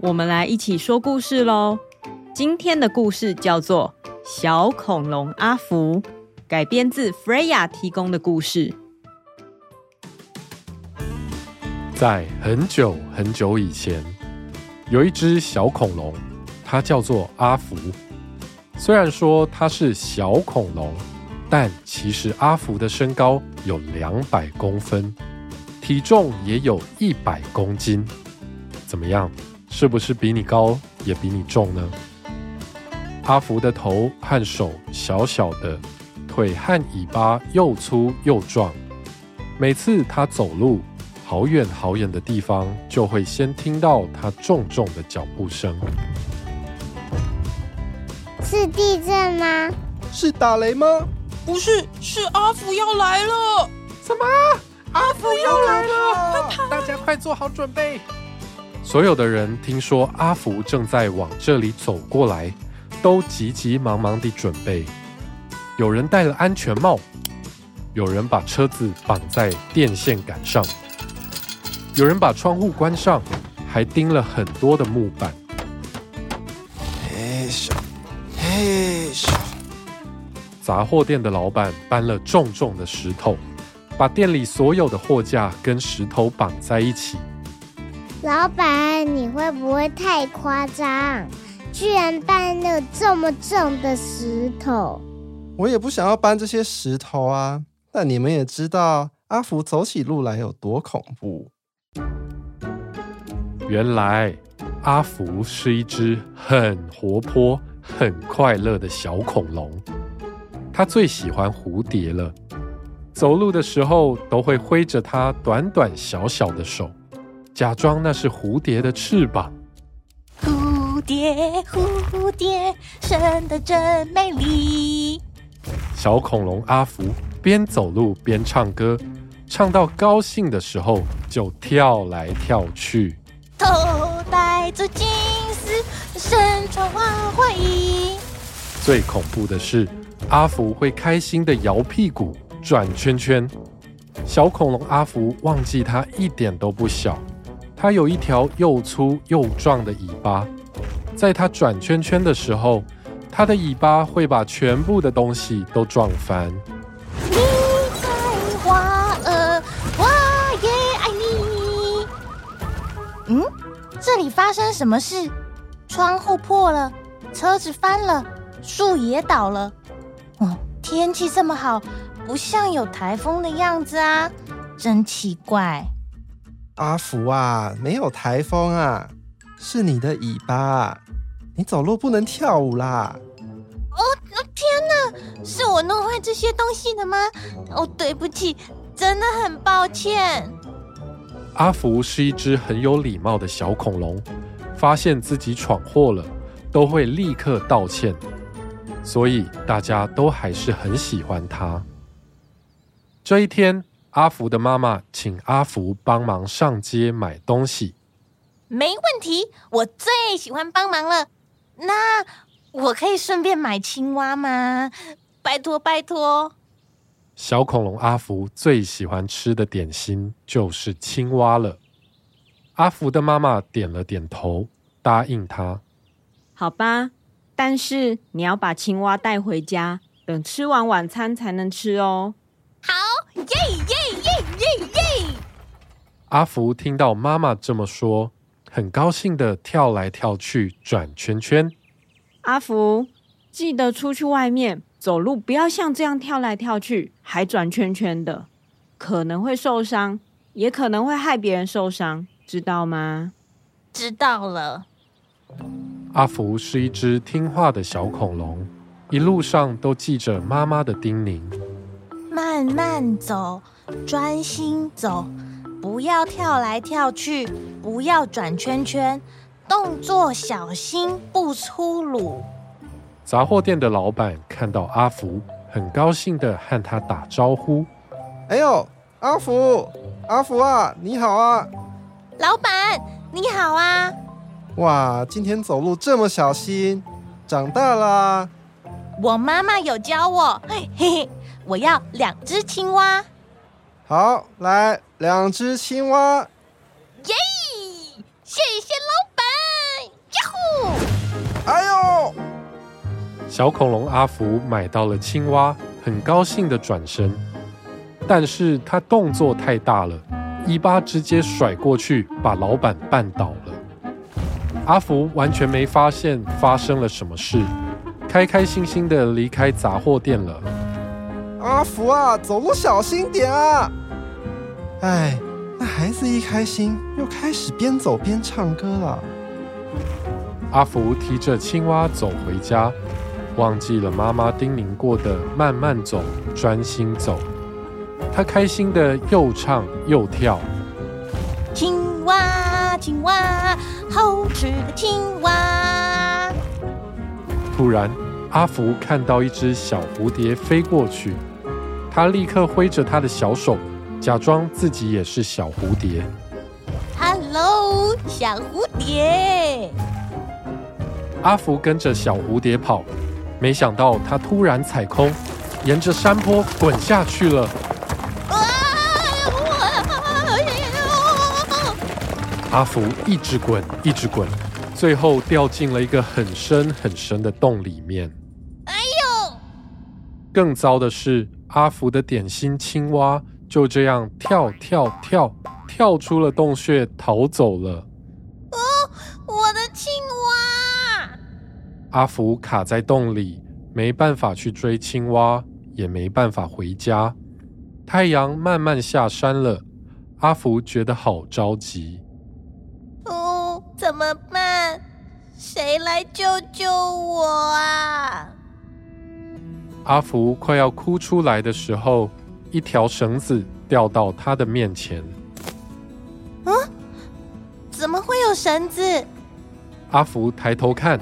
我們來一起說故事嘍！今天的故事叫做《小恐龍阿福》，改編自 Freya 提供的故事。在很久很久以前，有一隻小恐龍，它叫做阿福。雖然說它是小恐龍，但其實阿福的身高有兩百公分，體重也有一百公斤。怎麼樣？是不是比你高，也比你重呢？阿福的頭和手小小的，腿和尾巴又粗又壯。每次他走路，好遠好遠的地方就會先聽到他重重的腳步聲。是地震嗎？是打雷嗎？不是，是阿福要來了！什麼？阿福要來了！大家快做好準備！所有的人聽說阿福正在往這裡走過來，都急急忙忙地準備。有人戴了安全帽，有人把車子綁在電線桿上，有人把窗戶關上，還釘了很多的木板。嘿咻，嘿咻！雜貨店的老闆搬了重重的石頭，把店裡所有的貨架跟石頭綁在一起。老闆，你會不會太誇張？居然搬了這麼重的石頭？我也不想要搬這些石頭啊。但你們也知道，阿福走起路來有多恐怖。原來，阿福是一隻很活潑、很快樂的小恐龍。他最喜歡蝴蝶了，走路的時候都會揮着它短短小小的手。假裝那是蝴蝶的翅膀。蝴蝶，蝴蝶，生得真美麗。小恐龍阿福邊走路邊唱歌，唱到高興的時候就跳來跳去。頭戴着金絲，身穿花花衣。最恐怖的是，阿福會開心地搖屁股轉圈圈。小恐龍阿福忘記他一點都不小。它有一條又粗又壯的尾巴，在它轉圈圈的時候，它的尾巴會把全部的東西都撞翻。你愛花我也愛你。嗯，這裡發生什麼事？窗戶破了，車子翻了，樹也倒了。哦，天氣這麼好，不像有台風的樣子啊，真奇怪。阿福啊，沒有台風啊，是你的尾巴啊，你走路不能跳舞啦！哦，天哪，是我弄壞這些東西的嗎？哦，對不起，真的很抱歉。阿福是一隻很有禮貌的小恐龍，發現自己闖禍了，都會立刻道歉，所以大家都還是很喜歡他。這一天。阿福的媽媽請阿福幫忙上街買東西。沒問題，我最喜歡幫忙了。那我可以順便買青蛙嗎？拜託拜託！小恐龍阿福最喜歡吃的點心就是青蛙了。阿福的媽媽點了點頭，答應他。好吧，但是你要把青蛙帶回家，等吃完晚餐才能吃哦。Yeah, yeah, yeah, yeah. 阿福聽到媽媽這麼說，很高興的跳來跳去，轉圈圈。阿福，記得出去外面走路，不要像這樣跳來跳去，還轉圈圈的，可能會受傷，也可能會害別人受傷，知道嗎？知道了。阿福是一隻聽話的小恐龍，一路上都記着媽媽的叮嚀。慢慢走，專心走，不要跳來跳去，不要轉圈圈，動作小心不粗魯。雜貨店的老闆看到阿福，很高興地和他打招呼：“哎呦，阿福，阿福啊，你好啊，老闆你好啊，哇，今天走路這麼小心，長大啦啊！我媽媽有教我。嘿嘿”我要兩隻青蛙。好，來兩隻青蛙。耶！Yeah! 謝謝老板，呀呼、哎喲。哎呦！小恐龍阿福買到了青蛙，很高興的轉身，但是他動作太大了，尾巴直接甩過去，把老板絆倒了。阿福完全沒發現發生了什麼事，開開心心的離開雜貨店了。阿福啊，走路小心點啊！哎，那孩子一開心，又開始邊走邊唱歌了。阿福提着青蛙走回家，忘記了媽媽叮嚀過的慢慢走、專心走。他開心地又唱又跳。青蛙，青蛙，好吃的青蛙。突然，阿福看到一只小蝴蝶飛過去，他立刻揮着他的小手，假裝自己也是小蝴蝶。Hello，小蝴蝶！阿福跟着小蝴蝶跑，沒想到他突然踩空，沿着山坡滾下去了。 阿福一直滾，一直滾，最後掉進了一個很深很深的洞裡面。更糟的是，阿福的點心青蛙就這樣跳跳跳，跳出了洞穴逃走了。哦，我的青蛙！阿福卡在洞裡，沒辦法去追青蛙，也沒辦法回家。太陽慢慢下山了，阿福覺得好着急。哦，怎麼辦？誰來救救我啊？阿福快要哭出來的時候，一條繩子掉到他的面前。嗯？怎麼會有繩子？阿福抬頭看，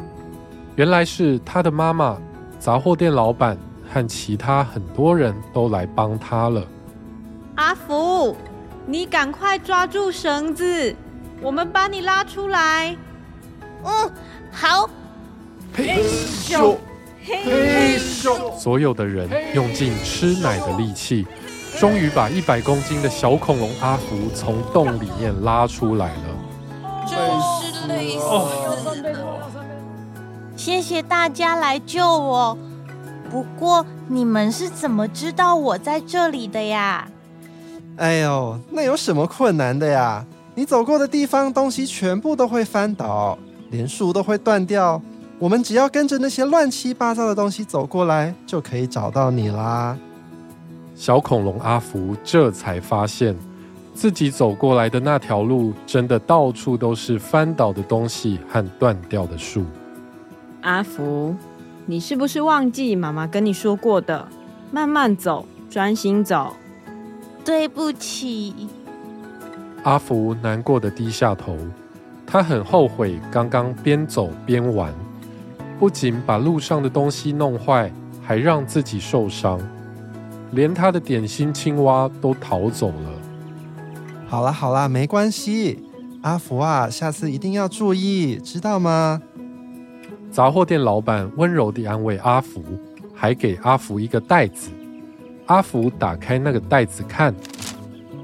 原來是他的媽媽、雜貨店老闆和其他很多人都來幫他了。阿福，你趕快抓住繩子，我們把你拉出來。嗯，好。嘿咻。嘿咻，所有的人用盡吃奶的力氣，嘿咻，終於把一百公斤的小恐龍阿福從洞裡面拉出來了。真是累死！謝謝大家來救我。不過你們是怎麼知道我在這裡的呀？哎呦，那有什麼困難的呀？你走過的地方，東西全部都會翻倒，連樹都會斷掉。我們只要跟着那些亂七八糟的東西走過來，就可以找到你啦。小恐龍阿福這才發現自己走過來的那條路真的到處都是翻倒的東西和斷掉的樹。阿福，你是不是忘記媽媽跟你說過的，「慢慢走，專心走」？對不起。阿福難過得低下頭，他很後悔剛剛邊走邊玩。不僅把路上的東西弄壞，還讓自己受傷，連他的點心青蛙都逃走了。好啦好啦，沒關係，阿福啊，下次一定要注意，知道嗎？雜貨店老板溫柔地安慰阿福，還給阿福一個袋子。阿福打開那個袋子看，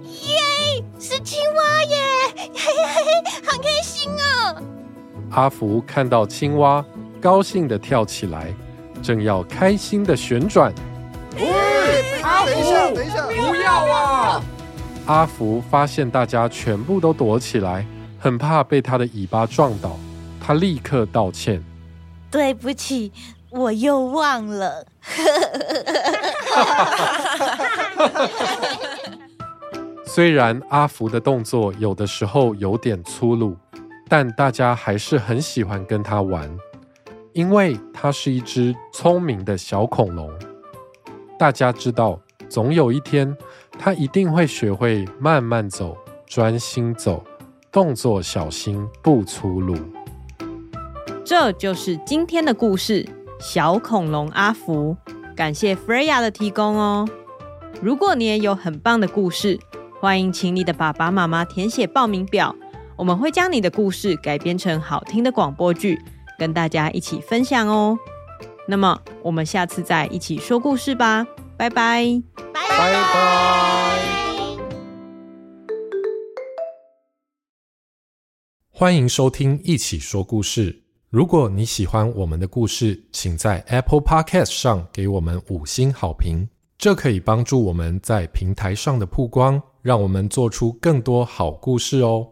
耶，yeah, 是青蛙耶，嘿嘿嘿，好開心啊、哦！阿福看到青蛙，高興的跳起來，正要開心的旋轉，好喂，阿福等一下，等一下，不要啊！阿福發現大家全部都躲起來，很怕被他的尾巴撞倒，他立刻道歉：“對不起，我又忘了。 ”雖然阿福的動作有的時候有點粗魯，但大家還是很喜歡跟他玩。因為它是一只聰明的小恐龍，大家知道，總有一天，它一定會學會慢慢走，專心走，動作小心，不粗魯。這就是今天的故事，小恐龍阿福。感謝 Freya 的提供哦。如果你也有很棒的故事，歡迎請你的爸爸媽媽填寫報名表，我們會將你的故事改編成好聽的廣播劇。跟大家一起分享哦。那麼，我們下次再一起說故事吧。拜拜，拜拜。歡迎收聽《一起說故事》。如果你喜歡我們的故事，請在 Apple Podcast 上給我們五星好評，這可以幫助我們在平台上的曝光，讓我們做出更多好故事哦。